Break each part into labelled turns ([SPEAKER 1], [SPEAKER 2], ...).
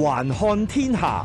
[SPEAKER 1] 環看天下。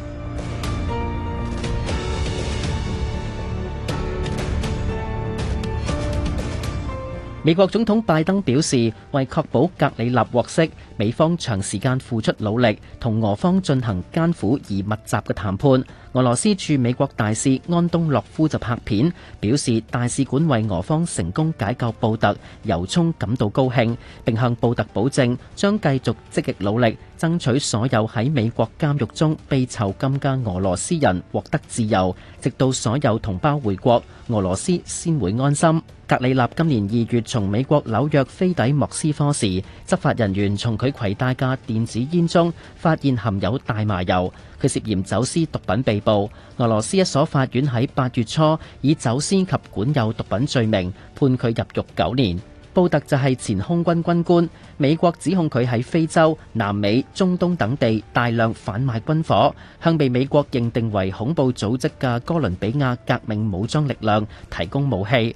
[SPEAKER 1] 美國總統拜登表示，為確保格里納獲釋，美方長時間付出努力，同俄方進行艱苦而密集嘅談判。俄羅斯駐美國大使安東諾夫就拍片表示，大使館為俄方成功解救布特由衷感到高興，並向布特保證將繼續積極努力，爭取所有喺美國監獄中被囚禁嘅俄羅斯人獲得自由，直到所有同胞回國，俄羅斯先會安心。格里納今年二月從美國紐約飛抵莫斯科時，執法人員從佢攜帶嘅電子煙中發現含有大麻油，佢涉嫌走私毒品被報俄羅斯一所法院喺八月初以走私及管有毒品罪名判佢入獄九年。布特就係前空軍軍官，美國指控佢喺非洲、南美、中東等地大量販賣軍火，向被美國認定為恐怖組織嘅哥倫比亞革命武裝力量提供武器。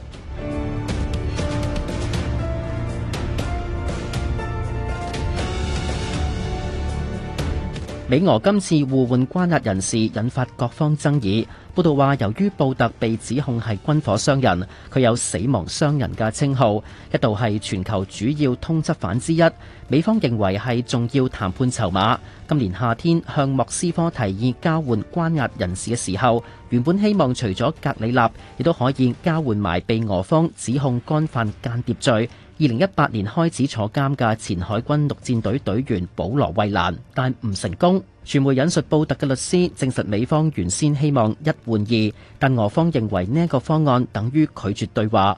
[SPEAKER 1] 美俄今次互換關押人士，引發各方爭議。報道話，由於布特被指控係軍火商人，佢有「死亡商人」嘅稱號，一度係全球主要通緝犯之一。美方認為係重要談判籌碼。今年夏天向莫斯科提議交換關押人士嘅時候，原本希望除咗格里納，亦都可以交換埋被俄方指控干犯間諜罪、二零一八年開始坐監嘅前海軍陸戰隊隊員保羅·惠蘭，但唔成功。傳媒引述布特嘅律師證實，美方原先希望一換二，但俄方認為呢個方案等於拒絕對話。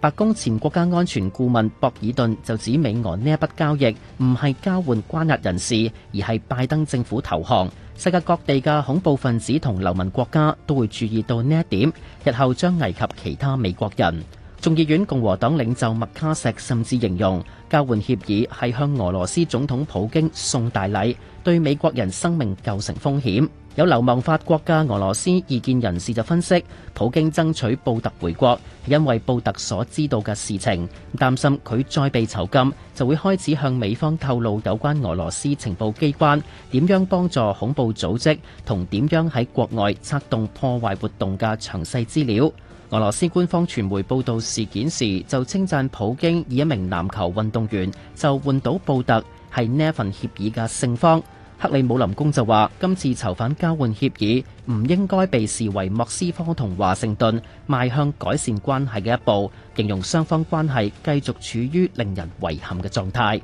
[SPEAKER 1] 白宮前國家安全顧問博爾頓就指，美俄呢一筆交易唔係交換關押人士，而係拜登政府投降。世界各地嘅恐怖分子同流氓國家都會注意到呢一點，日後將危及其他美國人。眾議院共和黨領袖麥卡錫甚至形容，交換協議係向俄羅斯總統普京送大禮，對美國人生命構成風險。有流亡法國嘅俄羅斯意見人士就分析，普京爭取布特回國，係因為布特所知道嘅事情，擔心佢再被囚禁，就會開始向美方透露有關俄羅斯情報機關點樣幫助恐怖組織同點樣喺國外策動破壞活動嘅詳細資料。俄羅斯官方傳媒報道事件時，就稱讚普京以一名籃球運動員就換到布特係呢一份協議嘅勝方。克里姆林宮就話，今次囚犯交換協議唔應該被視為莫斯科同華盛頓邁向改善關係嘅一步，形容雙方關係繼續處於令人遺憾嘅狀態。